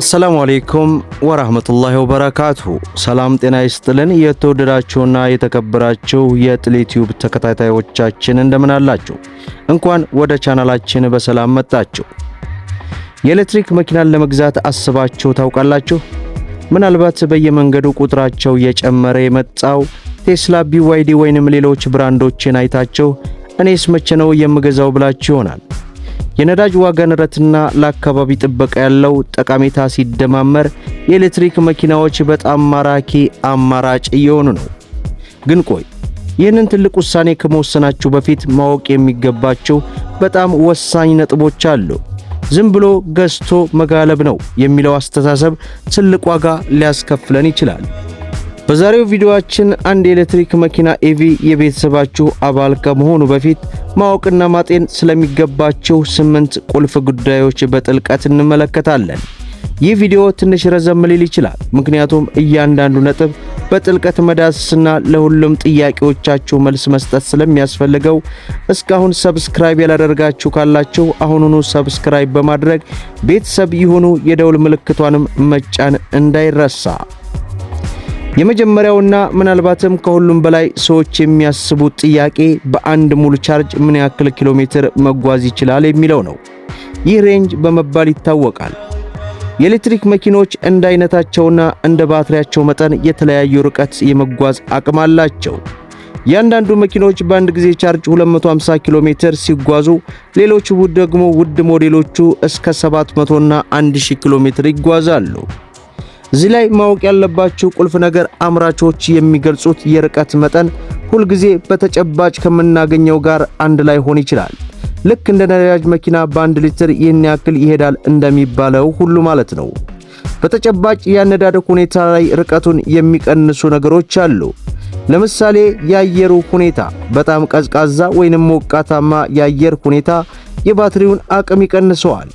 አሰላሙ አሌይኩም ወራህመቱላሂ ወበረካቱሁ። ሰላም ጤና ይስጥልን። የተወደዳችሁና የተከበራችሁ የጥል ዩቲዩብ ተከታታዮቻችን እንደምን አላችሁ? እንኳን ወደ ቻናላችን በሰላም መጣችሁ። የኤሌክትሪክ መኪናን ለመግዛት አስባችሁ ታውቃላችሁ? ምናልባት በየመንገዱ ቁጥራቸው እየጨመረ የመጣው ቴስላ፣ ቢዋይዲ ወይንም ሌሎች ብራንዶችን አይታችሁ እኔስ መቼ ነው የምገዛው ብላችሁ ይሆናል የነዳጅ ዋጋ ንረትና ለአካባቢ ጥበቃ ያለው ጠቀሜታ ሲደማመር የኤሌክትሪክ መኪናዎች በጣም ማራኪ አማራጭ እየሆኑ ነው። ግን ቆይ ይህንን ትልቅ ውሳኔ ከመወሰናችሁ በፊት ማወቅ የሚገባቸው በጣም ወሳኝ ነጥቦች አሉ። ዝም ብሎ ገዝቶ መጋለብ ነው የሚለው አስተሳሰብ ትልቅ ዋጋ ሊያስከፍለን ይችላል። በዛሬው ቪዲዮአችን አንድ የኤሌክትሪክ መኪና ኤቪ የቤተሰባችሁ አባል ከመሆኑ በፊት ማወቅና ማጤን ስለሚገባቸው ስምንት ቁልፍ ጉዳዮች በጥልቀት እንመለከታለን። ይህ ቪዲዮ ትንሽ ረዘም ሊል ይችላል፣ ምክንያቱም እያንዳንዱ ነጥብ በጥልቀት መዳሰስና ለሁሉም ጥያቄዎቻችሁ መልስ መስጠት ስለሚያስፈልገው እስካሁን ሰብስክራይብ ያላደረጋችሁ ካላችሁ አሁኑኑ ሰብስክራይብ በማድረግ ቤተሰብ ይሁኑ። የደውል ምልክቷንም መጫን እንዳይረሳ። የመጀመሪያውና ምናልባትም ከሁሉም በላይ ሰዎች የሚያስቡት ጥያቄ በአንድ ሙሉ ቻርጅ ምን ያክል ኪሎ ሜትር መጓዝ ይችላል የሚለው ነው። ይህ ሬንጅ በመባል ይታወቃል። የኤሌክትሪክ መኪኖች እንደ አይነታቸውና እንደ ባትሪያቸው መጠን የተለያዩ ርቀት የመጓዝ አቅም አላቸው። የአንዳንዱ መኪኖች በአንድ ጊዜ ቻርጅ 250 ኪሎ ሜትር ሲጓዙ፣ ሌሎቹ ደግሞ ውድ ሞዴሎቹ እስከ 700 ና 1000 ኪሎ ሜትር ይጓዛሉ። እዚህ ላይ ማወቅ ያለባችሁ ቁልፍ ነገር አምራቾች የሚገልጹት የርቀት መጠን ሁልጊዜ በተጨባጭ ከምናገኘው ጋር አንድ ላይ ሆን ይችላል። ልክ እንደ ነዳጅ መኪና በአንድ ሊትር ይህን ያክል ይሄዳል እንደሚባለው ሁሉ ማለት ነው። በተጨባጭ የአነዳደቅ ሁኔታ ላይ ርቀቱን የሚቀንሱ ነገሮች አሉ። ለምሳሌ የአየሩ ሁኔታ፣ በጣም ቀዝቃዛ ወይንም ሞቃታማ የአየር ሁኔታ የባትሪውን አቅም ይቀንሰዋል።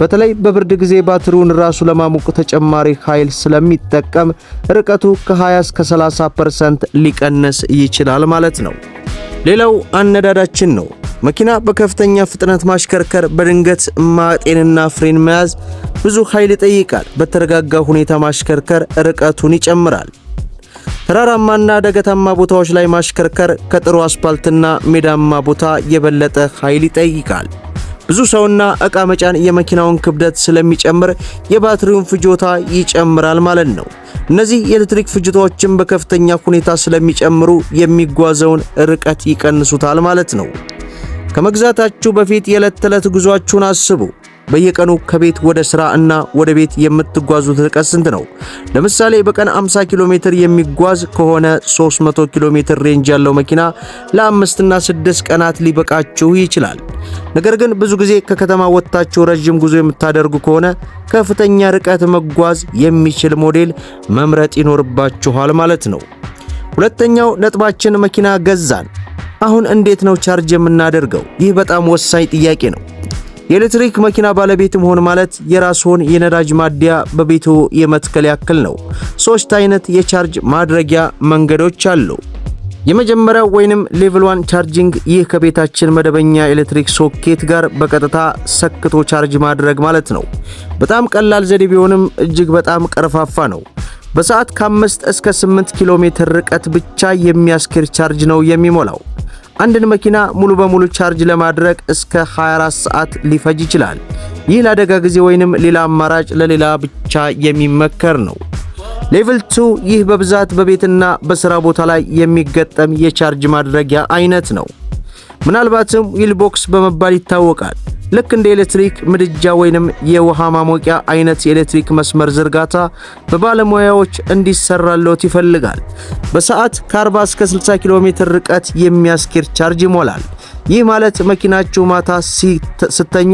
በተለይ በብርድ ጊዜ ባትሪውን ራሱ ለማሞቅ ተጨማሪ ኃይል ስለሚጠቀም ርቀቱ ከ20 እስከ 30% ሊቀንስ ይችላል ማለት ነው። ሌላው አነዳዳችን ነው። መኪና በከፍተኛ ፍጥነት ማሽከርከር፣ በድንገት ማጤንና ፍሬን መያዝ ብዙ ኃይል ይጠይቃል። በተረጋጋ ሁኔታ ማሽከርከር ርቀቱን ይጨምራል። ተራራማና ደገታማ ቦታዎች ላይ ማሽከርከር ከጥሩ አስፓልትና ሜዳማ ቦታ የበለጠ ኃይል ይጠይቃል። ብዙ ሰውና እቃ መጫን የመኪናውን ክብደት ስለሚጨምር የባትሪውን ፍጆታ ይጨምራል ማለት ነው። እነዚህ የኤሌክትሪክ ፍጆታዎችን በከፍተኛ ሁኔታ ስለሚጨምሩ የሚጓዘውን ርቀት ይቀንሱታል ማለት ነው። ከመግዛታችሁ በፊት የዕለት ተዕለት ጉዟችሁን አስቡ። በየቀኑ ከቤት ወደ ስራ እና ወደ ቤት የምትጓዙት ርቀት ስንት ነው? ለምሳሌ በቀን 50 ኪሎ ሜትር የሚጓዝ ከሆነ 300 ኪሎ ሜትር ሬንጅ ያለው መኪና ለአምስት እና ስድስት ቀናት ሊበቃችሁ ይችላል። ነገር ግን ብዙ ጊዜ ከከተማ ወጥታችሁ ረጅም ጉዞ የምታደርጉ ከሆነ ከፍተኛ ርቀት መጓዝ የሚችል ሞዴል መምረጥ ይኖርባችኋል ማለት ነው። ሁለተኛው ነጥባችን መኪና ገዛን፣ አሁን እንዴት ነው ቻርጅ የምናደርገው? ይህ በጣም ወሳኝ ጥያቄ ነው። የኤሌክትሪክ መኪና ባለቤት መሆን ማለት የራስዎን የነዳጅ ማደያ በቤቱ የመትከል ያክል ነው። ሶስት አይነት የቻርጅ ማድረጊያ መንገዶች አሉ። የመጀመሪያው ወይንም ሌቭል 1 ቻርጂንግ፣ ይህ ከቤታችን መደበኛ ኤሌክትሪክ ሶኬት ጋር በቀጥታ ሰክቶ ቻርጅ ማድረግ ማለት ነው። በጣም ቀላል ዘዴ ቢሆንም እጅግ በጣም ቀርፋፋ ነው። በሰዓት ከ5 እስከ 8 ኪሎ ሜትር ርቀት ብቻ የሚያስኬድ ቻርጅ ነው የሚሞላው። አንድን መኪና ሙሉ በሙሉ ቻርጅ ለማድረግ እስከ 24 ሰዓት ሊፈጅ ይችላል። ይህ ለአደጋ ጊዜ ወይንም ሌላ አማራጭ ለሌላ ብቻ የሚመከር ነው። ሌቭል 2 ይህ በብዛት በቤትና በስራ ቦታ ላይ የሚገጠም የቻርጅ ማድረጊያ አይነት ነው። ምናልባትም ዊልቦክስ በመባል ይታወቃል። ልክ እንደ ኤሌክትሪክ ምድጃ ወይንም የውሃ ማሞቂያ አይነት የኤሌክትሪክ መስመር ዝርጋታ በባለሙያዎች እንዲሰራለት ይፈልጋል። በሰዓት ከ40 እስከ 60 ኪሎ ሜትር ርቀት የሚያስኬድ ቻርጅ ይሞላል። ይህ ማለት መኪናችሁ ማታ ስተኙ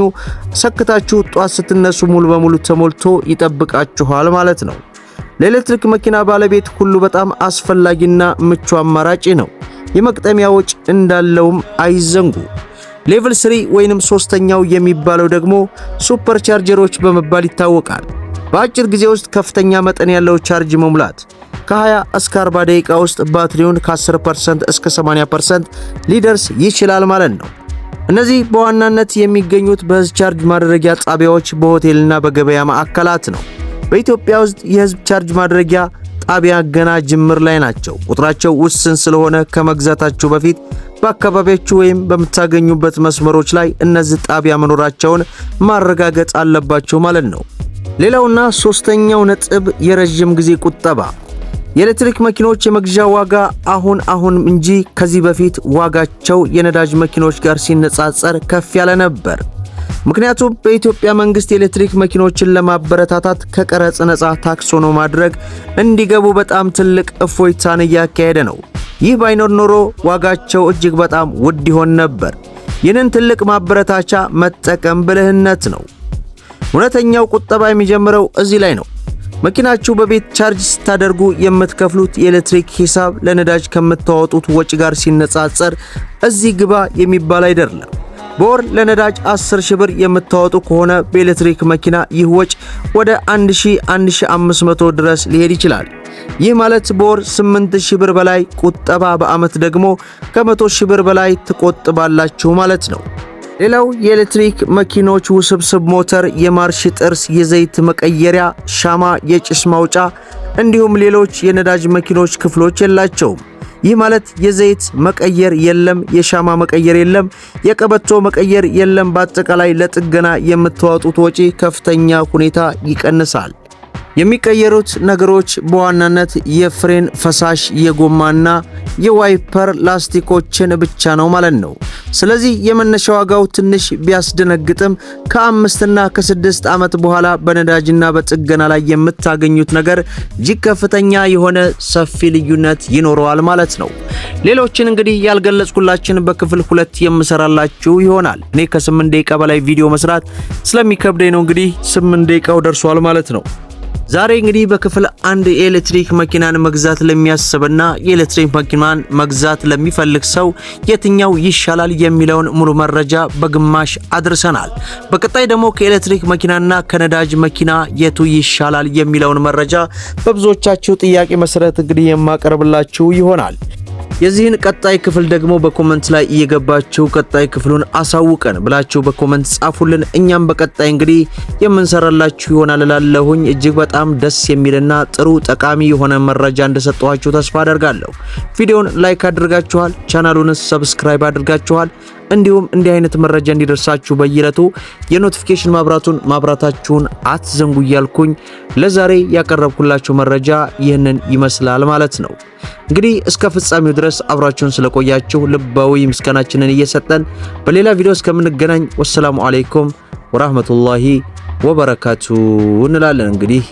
ሰክታችሁ ጧት ስትነሱ ሙሉ በሙሉ ተሞልቶ ይጠብቃችኋል ማለት ነው። ለኤሌክትሪክ መኪና ባለቤት ሁሉ በጣም አስፈላጊና ምቹ አማራጭ ነው። የመቅጠሚያ ወጪ እንዳለውም አይዘንጉ። ሌቭል 3 ወይንም ሶስተኛው የሚባለው ደግሞ ሱፐር ቻርጀሮች በመባል ይታወቃል። በአጭር ጊዜ ውስጥ ከፍተኛ መጠን ያለው ቻርጅ መሙላት ከ20 እስከ 40 ደቂቃ ውስጥ ባትሪውን ከ10% እስከ 80% ሊደርስ ይችላል ማለት ነው። እነዚህ በዋናነት የሚገኙት በህዝብ ቻርጅ ማድረጊያ ጣቢያዎች፣ በሆቴልና በገበያ ማዕከላት ነው። በኢትዮጵያ ውስጥ የህዝብ ቻርጅ ማድረጊያ ጣቢያ ገና ጅምር ላይ ናቸው። ቁጥራቸው ውስን ስለሆነ ከመግዛታችሁ በፊት በአካባቢያችሁ ወይም በምታገኙበት መስመሮች ላይ እነዚህ ጣቢያ መኖራቸውን ማረጋገጥ አለባቸው ማለት ነው። ሌላውና ሶስተኛው ነጥብ የረዥም ጊዜ ቁጠባ። የኤሌክትሪክ መኪኖች የመግዣ ዋጋ አሁን አሁን እንጂ ከዚህ በፊት ዋጋቸው የነዳጅ መኪኖች ጋር ሲነጻጸር ከፍ ያለ ነበር። ምክንያቱም በኢትዮጵያ መንግስት የኤሌክትሪክ መኪኖችን ለማበረታታት ከቀረጽ ነፃ ታክስ ሆኖ ማድረግ እንዲገቡ በጣም ትልቅ እፎይታን እያካሄደ ነው። ይህ ባይኖር ኖሮ ዋጋቸው እጅግ በጣም ውድ ይሆን ነበር። ይህንን ትልቅ ማበረታቻ መጠቀም ብልህነት ነው። እውነተኛው ቁጠባ የሚጀምረው እዚህ ላይ ነው። መኪናችሁ በቤት ቻርጅ ስታደርጉ የምትከፍሉት የኤሌክትሪክ ሂሳብ ለነዳጅ ከምታወጡት ወጪ ጋር ሲነጻጸር እዚህ ግባ የሚባል አይደለም። በወር ለነዳጅ 10 ሺህ ብር የምታወጡ ከሆነ በኤሌክትሪክ መኪና ይህ ወጪ ወደ 1150 ድረስ ሊሄድ ይችላል። ይህ ማለት በወር 8000 ብር በላይ ቁጠባ፣ በአመት ደግሞ ከ100 ሺህ ብር በላይ ትቆጥባላችሁ ማለት ነው። ሌላው የኤሌክትሪክ መኪኖች ውስብስብ ሞተር፣ የማርሽ ጥርስ፣ የዘይት መቀየሪያ፣ ሻማ፣ የጭስ ማውጫ እንዲሁም ሌሎች የነዳጅ መኪኖች ክፍሎች የላቸውም። ይህ ማለት የዘይት መቀየር የለም፣ የሻማ መቀየር የለም፣ የቀበቶ መቀየር የለም። በአጠቃላይ ለጥገና የምታወጡት ወጪ ከፍተኛ ሁኔታ ይቀንሳል። የሚቀየሩት ነገሮች በዋናነት የፍሬን ፈሳሽ፣ የጎማና የዋይፐር ላስቲኮችን ብቻ ነው ማለት ነው። ስለዚህ የመነሻ ዋጋው ትንሽ ቢያስደነግጥም ከአምስትና ከስድስት ዓመት በኋላ በነዳጅና በጥገና ላይ የምታገኙት ነገር እጅግ ከፍተኛ የሆነ ሰፊ ልዩነት ይኖረዋል ማለት ነው። ሌሎችን እንግዲህ ያልገለጽኩላችን በክፍል ሁለት የምሰራላችሁ ይሆናል። እኔ ከስምንት ደቂቃ በላይ ቪዲዮ መስራት ስለሚከብደኝ ነው እንግዲህ ስምንት ደቂቃው ደርሷል ማለት ነው። ዛሬ እንግዲህ በክፍል አንድ የኤሌክትሪክ መኪናን መግዛት ለሚያስብና የኤሌክትሪክ መኪናን መግዛት ለሚፈልግ ሰው የትኛው ይሻላል የሚለውን ሙሉ መረጃ በግማሽ አድርሰናል። በቀጣይ ደግሞ ከኤሌክትሪክ መኪናና ከነዳጅ መኪና የቱ ይሻላል የሚለውን መረጃ በብዙዎቻችሁ ጥያቄ መሰረት እንግዲህ የማቀርብላችሁ ይሆናል። የዚህን ቀጣይ ክፍል ደግሞ በኮመንት ላይ እየገባችሁ ቀጣይ ክፍሉን አሳውቀን ብላችሁ በኮመንት ጻፉልን። እኛም በቀጣይ እንግዲህ የምንሰራላችሁ ይሆናል እላለሁኝ። እጅግ በጣም ደስ የሚልና ጥሩ ጠቃሚ የሆነ መረጃ እንደሰጠኋችሁ ተስፋ አደርጋለሁ። ቪዲዮውን ላይክ አድርጋችኋል፣ ቻናሉን ሰብስክራይብ አድርጋችኋል። እንዲሁም እንዲህ አይነት መረጃ እንዲደርሳችሁ በየዕለቱ የኖቲፊኬሽን ማብራቱን ማብራታችሁን አትዘንጉ እያልኩኝ ለዛሬ ያቀረብኩላችሁ መረጃ ይህንን ይመስላል ማለት ነው። እንግዲህ እስከ ፍጻሜው ድረስ አብራችሁን ስለቆያችሁ ልባዊ ምስጋናችንን እየሰጠን በሌላ ቪዲዮ እስከምንገናኝ ወሰላሙ አሌይኩም ወራህመቱላሂ ወበረካቱ እንላለን እንግዲህ